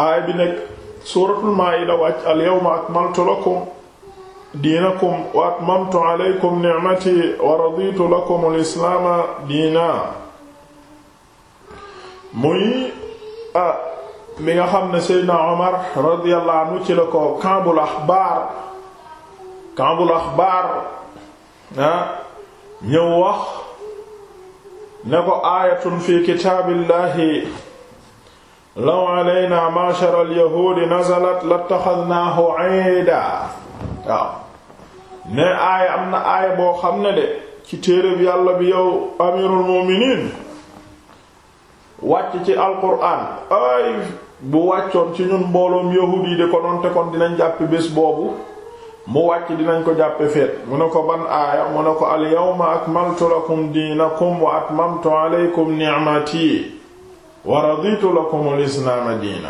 a bi nekk suuratul maa'ida al yawma akmaltu lakum diinakum wa atmamtu alaykum ni'mati wa raditu lakum al islaama diina muy ah mi nga xam ne seydna omar radiyallahu anhu ci la ko kambul axbaar kambul wax ne ko aayatun fi kitaabillahi law alayna ma'shar al-yahuudi nazalat lattaxadnaahu iida waaw ne aaya am na aay boo xam ne de ci téereeb yàlla bi yow amirul mu'miniin wàcc ci alquraan ay bu wàccoon ci ñun mbooloom yahuud yi de ko noonte kon dinañ jàppe bés boobu mu wàcc dinañ ko jàppe feet mu ne ko ban aaya mu ne ko al yawma akmaltu diinakum wa atmamtu alaykum ni'mati wa raditu lakum al-islaama diina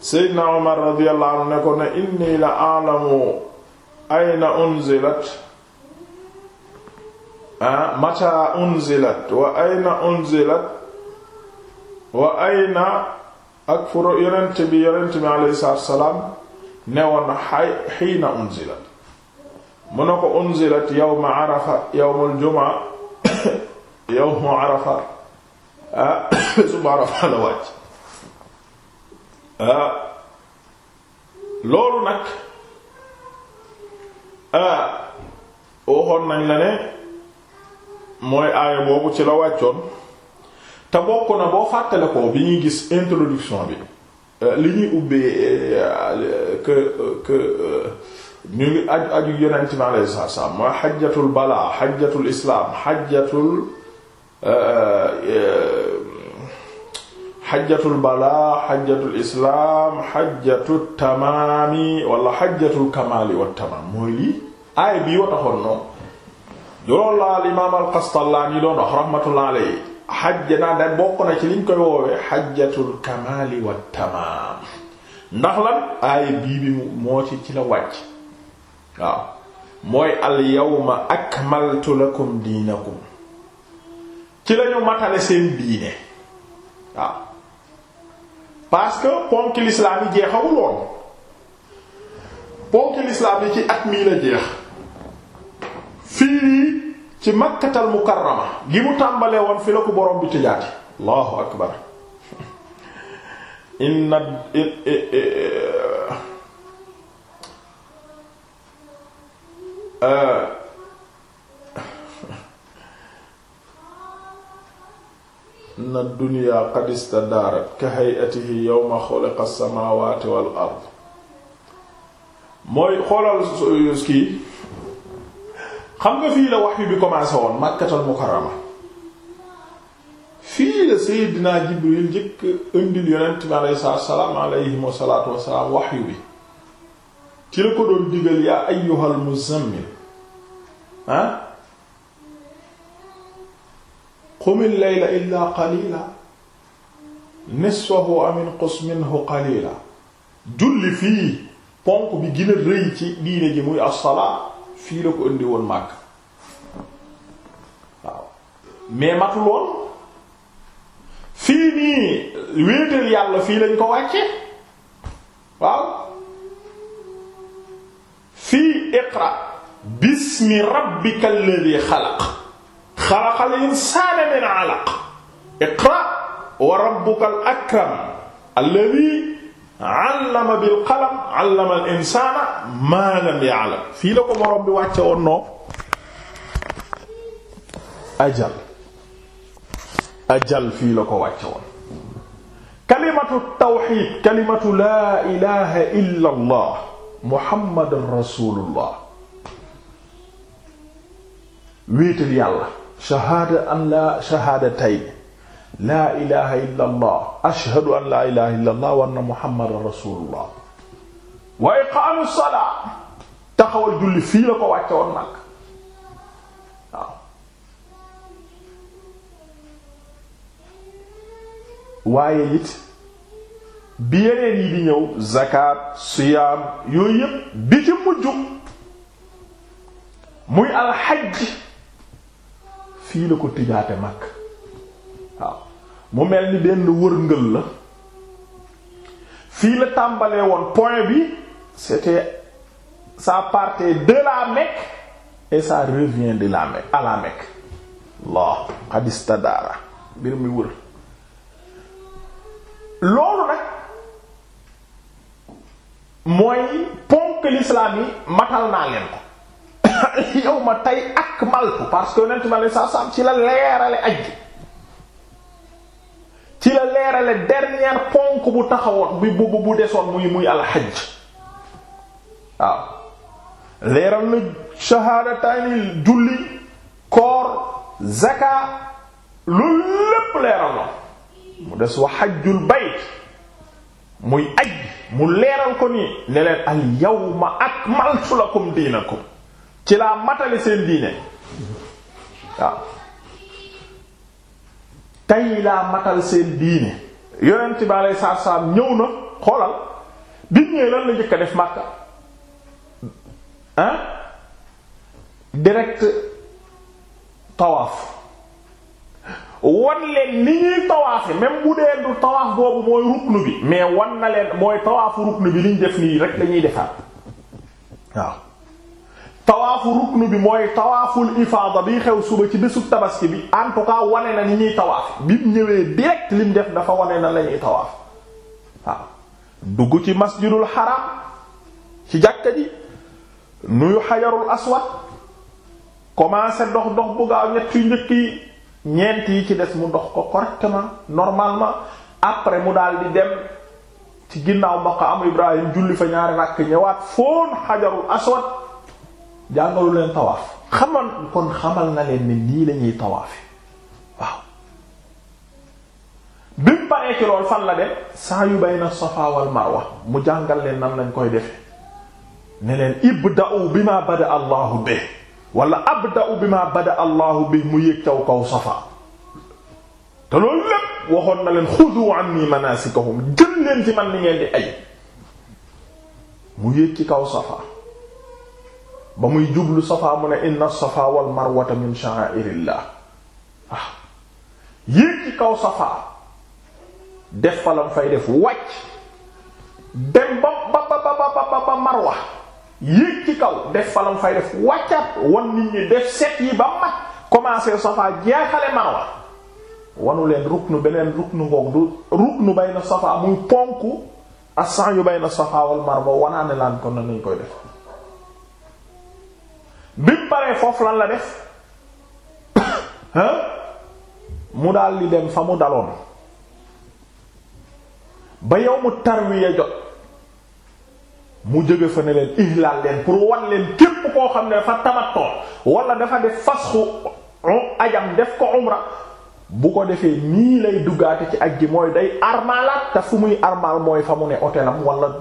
seydna omar radiyallahu anhu ne ko ne inni la a'lamu ayna ah, mata unzilat wa ayna wa ayna ak furo yonent bi yonent bi alayhi salaatu wassalaam ne woon xiina unzilat mu ne ko unzilat yawma arafa yawmul arafa ah subhaanahu wa ta'aala wàcc ah, loolu nag oo ah, waxoon nañ la ne mooy aaya boobu ci la wàccoon te bokk na boo fàttale ko bi ñuy gis introduction bi ah, li ñuy ubbee eh, que que eh, ñu ngi aju aju yonent mi alayhi salaatu salaam mooy xajjatul balaa xajjatul islaam xajjatul eh, xajjatul balaa xajjatul islaam xajjatul tamaami wala xajjatul kamaali wa tamaam mooy lii aay bii wa noonu loolu la al imaam al Qastallaani doon wax rahmatullah naa da bokk na ci liñ koy woowee xajjatul kamaali wa tamaam ndax lan aay bii bi moo ci ci la wàcc waaw mooy al akmaltu lakum diinakum ci lañu matale seen diine waaw parce que ponk l'islam yi jeexawul woon ponk l'islam yi ci at mii la jeex fii ci makkatal mukarrama gi mu tàmbalee woon fi la ko borom bi tëjaati allahu akbar inna uh, na duniyaa qadista daarat ka hayatihi yawma xuliqa samaawaati wal ard mooy xoolal kii xam nga fii la wahyu bi commencé woon makkatal mukarrama fii la seydinaa jibril njëkk indil yonent bi alayhi salaatu wassalaam alayhi salaatu wassalaam wahyu bi ci la ko doon digal yaa ayyuhal muzammil ah qumil layla illa qalila nisfahu amin qus minhu qalila julli fii ponk bi gën rëy ci diine ji muy as-salaa fii la ko indi woon màgg waaw mais matul woon fii nii wéetal yàlla fii lañ ko wàcce waaw fii iqra bismi rabbikal ladhi xalaq xalaqal insaana min alaq iqra wa rabbukal akram alladhi allama bil qalam allama al insaana maa lam ya'lam fii la ko borom bi wàcce woon noo ajal ajal fii la ko wàcce woon kalimatu tawxiid kalimatu laa ilaha illa allah muhammadan rasulullah wéetal yàlla shahaada an la shahaadatayn laa ilaha illa allah ashhadu an laa ilaha illa allah wa anna muhammadan rasulullah wa iqaamu salaa taxawal julli fii la ko wàcce woon nag waaw waaye it bi yeneen yi di ñëw zakat siyaam yooyu yépp bi ci mujj muy alxaj fii la ko tëjaate mag waaw mu mel ni benn wërngël la fii la tàmbalee woon point bi c'était ça partait de la Mecque et ça revient de la Mecque à Mecque Allah xadista daara mbir mi wër loolu nag mooy ponk l'islam yi matal naa leen ko yow ma tey ak maltu parce que yonent ma lay saa ci la leerale ajj ci la leerale dernière ponk bu taxawoon bi bu bu desoon muy muy alxaj waaw leeral na shahaadataani julli koor zaka loolu lépp leeral na mu des wa xajjul bayt muy aj mu leeral ko nii ne leen al yawma akmaltu lakum diinakum ci laa matale seen diine waaw tey laa matal seen diine yonent bi aleyhi salaatu salaam ñëw na xoolal bi lan la njëkk def Makka ah direct tawaaf wan leen ni ñuy tawaafe même bu dee du tawaaf boobu mooy ruknu bi mais wan na leen mooy tawaafu ruknu bi li ñu def nii rek lañuy defaat waaw tawaafu ruknu bi mooy tawaaful ifaada bi xew suba ci bésu tabaski bi en tout wane na ni ñuy tawaaf bi mu ñëwee direct lim def dafa wane na la ñuy tawaaf waaw dugg ci masjidul haram ci jàkka ji nuyu xajarul aswad commencé dox dox bu gaaw ñett yu njëkk yi ci des mu dox ko correctement normalement après mu daal di dem ci ginnaaw maqaam Ibrahim julli fa ñaari rakk ñëwaat foon xajarul aswad jàngalu leen tawaaf xamal kon xamal na leen ne nii lañuy tawaafi waaw bi mu paree ci lool fan la dem saa yu bayna safa wal marwa mu jàngal leen nan lañ koy defe ne leen ibda'u bima bada allahu bi wala abda'u bima bada allahu bi mu yéeg taw kow safa te loolu lépp waxoon na leen xudu anni manasikahum jël leen ci man ni ngeen di ay mu yéeg ci kaw safa ba muy jublu safa mu ne inna safa wal marwata min sha'airillah waaw ah. yéeg ci kaw safa def falam fay def wàcc dem ba ba ba ba ba marwa yéeg ci kaw def falam fay def wàccaat wan nit ñi def set yi ba mat commencé safa jeexale marwa wanu leen nu beneen nu ngoog du ruknu bayna safa muy ponk as-sa'yu bayna safa wal marwa wanaane laan kon na nuñ koy def bi mu paree foofu lan la def hein mu daal di dem fa mu daloon ba yow mu tarwiya jot mu jóge fa ne leen ihlaal leen pour wan leen képp koo xam ne dafa tamatoo wala dafa def fasxu ajam def ko umra bu ko defee nii lay duggaate ci ak gi mooy day armaalaat te fu muy armaal mooy fa mu ne otelam wala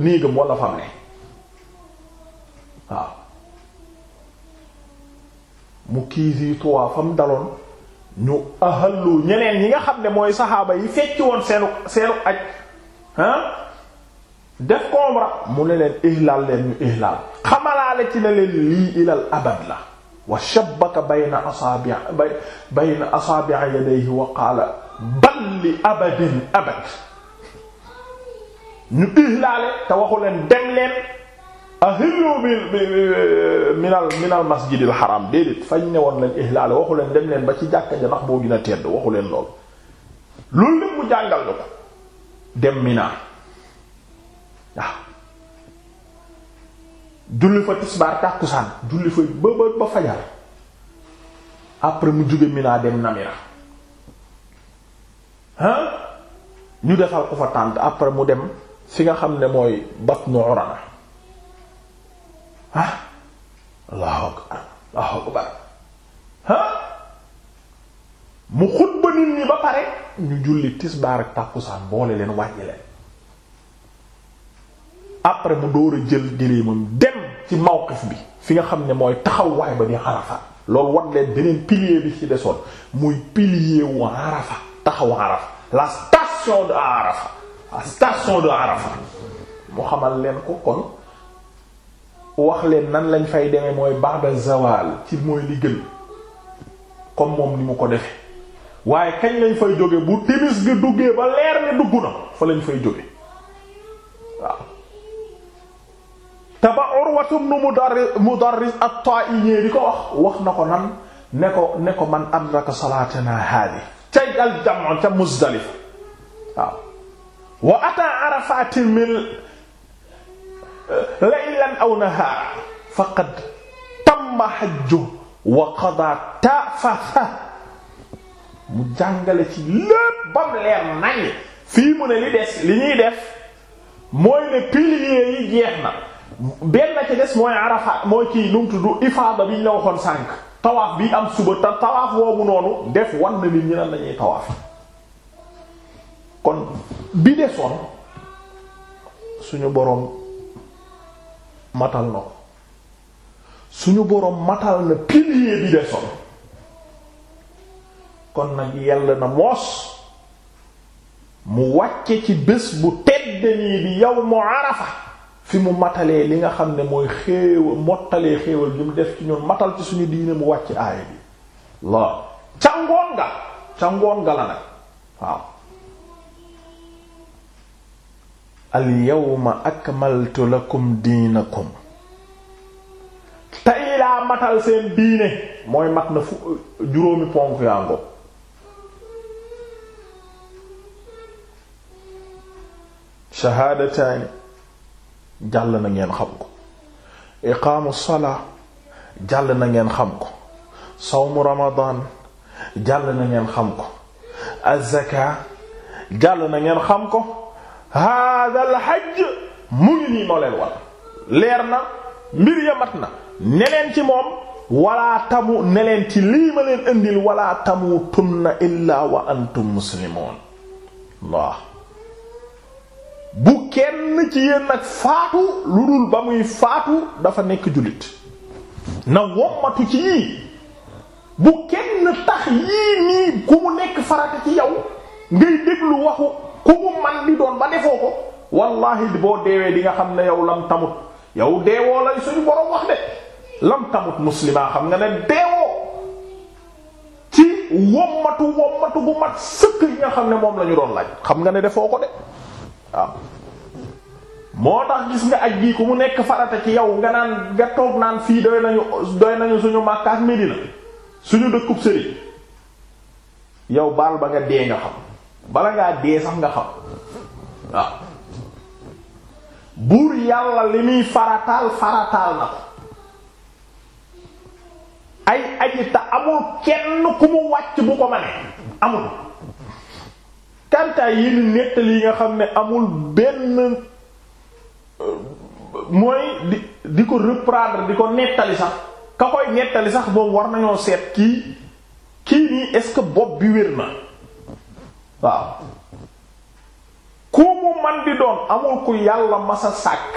néegam wala fa mu ne waaw mu kiisi tuwaa fam daloon ñu ahallu ñeneen ñi nga xam ne mooy saxaaba yi fecc woon seenu seenu aj ah def ko umra mu ne leen ihlal leen ñu ihlal xamalaale ci ne leen lii ilal abad la wa shabbaka bayna asaabi bayna asaabi yadayhi wa qaala bal abadin abad ñu ihlaale te waxu leen dem leen ahillu minal minal masjidil haram déedéet fañ ne woon lañ ihlaal waxu leen dem leen ba ci jàkka ja ndax boo gën a tedd waxu leen lool loolu lépp mu jàngal na ko dem Mina waaw julli fa tisbaar tàkkusaan julli fa ba ba ba fajar après mu jóge Mina dem Namira ah ñu defal ko fa tànt après mu dem fi nga xam ne mooy Batnu Urana ah allahu akbar allahu akbar ah mu xutba nit ñi ba pare ñu julli tisbaar ak tàkkusaan boole leen wàññi leen après mu door a jël gëléemam dem ci mawqif bi fi nga xam ne mooy taxawaay ba di Arafa loolu wan leen beneen pilier bi ci desoon muy pilier wu Arafa taxaw Arafa la station de Arafa la station de Arafa mu xamal leen ko kon wax leen nan lañ fay demee mooy ba'da zawal ci mooy li gën comme moom ni mu ko defe waaye kañ lañ fay jóge bu timis gi duggee ba leer ne dugg na fa lañ fay jóge waaw te ba Urwatu ibn Mudarris Mudarris at-Ta'i ñee di ko wax wax na ko nan ne ko ne ko man adraka salaatana haadi cay al jam'u ca Muzdalifa waaw wa ata Arafatin min laylan aw nahaara faqad tamma hajju wa qada tafafa mu jàngale ci lépp bam leer nañ fii mu ne li des li ñuy def mooy ne piliers yi jeex na benn ci des mooy Arafat mooy kii nu mu tudd ifaada bi ñu la waxoon sànq tawaaf bi am suba te tawaaf boobu noonu def wan na nit ñi nan lañuy tawaaf kon bi desoon suñu boroom matal na ko suñu boroom matal na pilier bi desoon kon nag yell na moos mu wàcce ci bés bu tedd nii bi yawmu arafa fi mu matalee li nga xam ne mooy xéewal mottalee xéewal bi mu def ci ñun matal ci suñu diine mu wàcc aaya bi la ca ngoon nga ca ngoon nga la nag waaw alyawma akmaltu lakum diinakum tey laa matal seen diine mooy mat na fu juróomi ponk yaa ngo shahaadataani jàll na ngeen xam ko iqaamu salaa jàll na ngeen xam ko sawmu ramadaan jàll na ngeen xam ko azzakaa jàll na ngeen xam ko haadal hajj mu ngi nii moo leen leer na mbir ya mat na ne leen ci moom wala tamu ne leen ci lii ma leen indil wala tamutunna illaa wa antum muslimoon waaw bu kenn ci yéen nag faatu lu dul ba muy faatu dafa nekk jullit na wommatu ci yii bu kenn tax yii nii ku mu nekk farata ci yow ngay déglu waxu ku mu man di doon ba defoo ko wallahi boo deewee di nga xam ne yow lam tamut yow deewoo la suñu borom wax de lam tamut muslima xam nga ne deewoo ci wommatu wommatu bu mat sëkk yi nga xam ne moom lañu ñu doon laaj xam nga ne defoo ko de waaw moo tax gis nga aj gi ku mu nekk farata ci yow nga naan nga toog naan fii doy nañu doy nañu suñu Makka ak Medina suñu dëkkub sëriñ yow baal ba nga dee nga xam bala ngaa dee sax nga xam waaw buur yàlla li muy farataal farataal na ko ay aji ta amul kenn ku mu wàcc bu ko mane amul kantaay yi ni nettali yi nga xam ne amul benn euh, mooy di di ko reprendre di ko nettali sax ka koy nettali sax boobu war nañoo seet kii kii nii est que bopp bi wér na waaw ku mu man di doon amul ku yàlla masa sàkk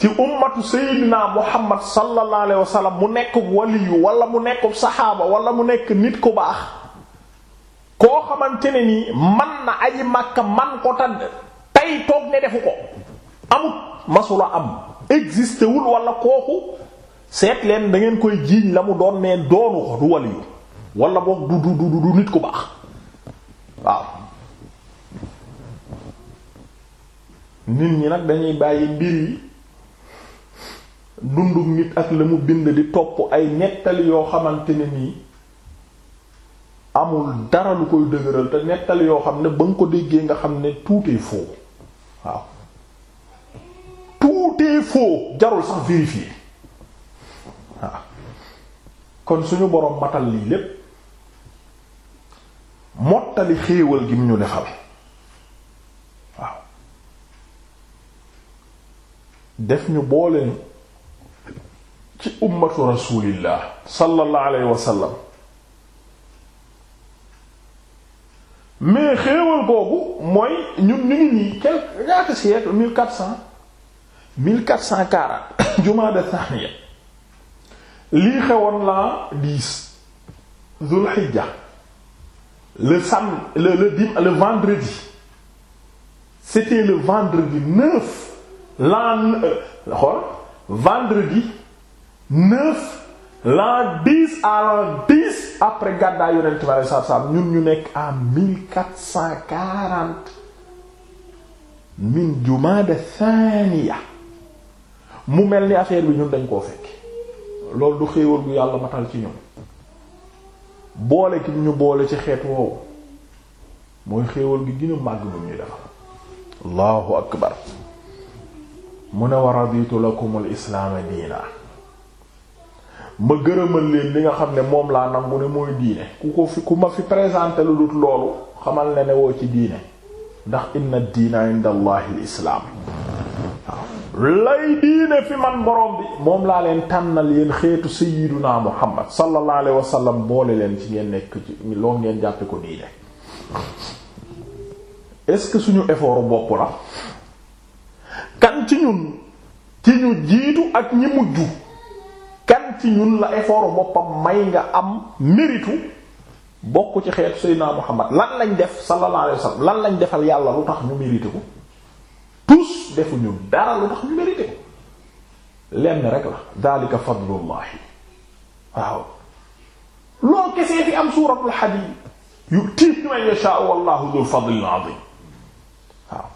ci ummatu seydina muhammad sallallahu alayhi mu nekk waliyu wala mu nekk saxaaba wala mu nekk nit ku baax koo xamante ne nii man na aji makka man ko ta tey toog ne defu ko amut masula am existewul wala kooku seet leen da ngeen koy jiiñ la mu doon nee doonu ko waliyu wala boog du du du du nit ku baax waaw nit ñi nag dañuy bàyyi mbir yi dundu nit ak la mu bind di topp ay nettali yoo xamante ne nii amul dara lu koy dëgëral te nettali yoo xam ne ba nga ko déggee nga xam ne tout est waaw tout est jarul sax vérifier waaw kon suñu boroom matal lii lépp mottali xéewal gi mu ñu defal waaw def ñu booleen ci ummatu rasulillah sallallahu alayhi wa sallam mais xéewal googu mooy ñun ñu ngi nii quelque ñaata siècle mille quatre cent mille quatre cent quarante jumaada thaniya lii xewoon la dix zulhijja le sam le le dim le vendredi c'était le vendredi neuf l'an euh, xool vendredi neuf l'an dix à dix après gàddaay yonent bi alei satu ñun ñu nekk en mille quatre cent quarante min jumaada thaniya mu mel ni affaire bi ñun dañ koo fekk loolu du xéewal gu yàlla matal ci ñun boole ki ñu boole ci xeet woowu mooy xéewal gi gën màgg lu ñuy defal allahu akbar mu ne wa raditu lakumul islaama diina ma gërëmal leen li nga xam ne moom laa nangu ne mooy diine ku ko fi ku ma fi présenté lu dut loolu xamal ne ne woo ci diine ndax inna diina inda allahi al islaam lay diine fi man boroom bi moom laa leen tànnal yéen xeetu sayyiduna muhammad sallallahu alayhi wa sallam boole leen ci ngeen nekk ci loolu ngeen jàppe ko diine est-ce que suñu effort bopp la kan ci ñun ci ñu jiitu ak ñi mujj kan ci ñun la effort boppam may nga am méritu bokk ci xeetu naa muhammad lan lañ def sallallahu alayhi lan lañ defal yàlla lu tax ñu mérité ko tous defuñu dara lu tax ñu mérité ko lenn rek la dalika fadlullahi waaw lool kesee fi am suuratul hadiid yu'tiihi man yashaa'u wallahu dhul fadlil azim waaw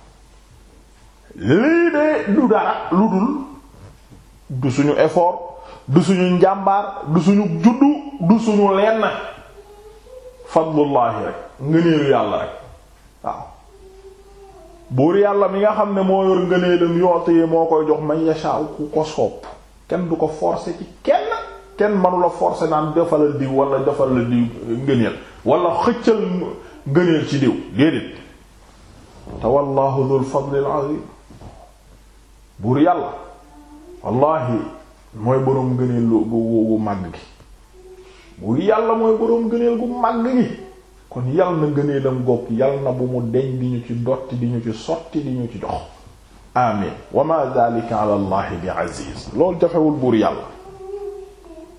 lii de du dara lu dul du suñu effort du suñu njàmbaar du suñu juddu du suñu lenn fadlullahi rek ngëneelu yàlla rek buur yàlla mi nga xam ne moo yor ngëneelam yoote yi moo koy jox man yashaaw ku ko sopp kenn du ko forcer ci kenn kenn manula forcer naan defalal diw wala defalal diw ngëneel wala xëccal ngëneel ci diw déedéet te wallahu dhul fadlil azim buur yàlla wallahi mooy boroom ngëneel gu gu màgg gi buur yàlla mooy boroom ngëneel gu màgg gi kon yal na ngëneelam gokk yal na bu mu deñ di ñu ci dotti di ñu ci sotti di ñu ci jox amin wa ma zalika ala allah bi aziz loolu jafewul buur yàlla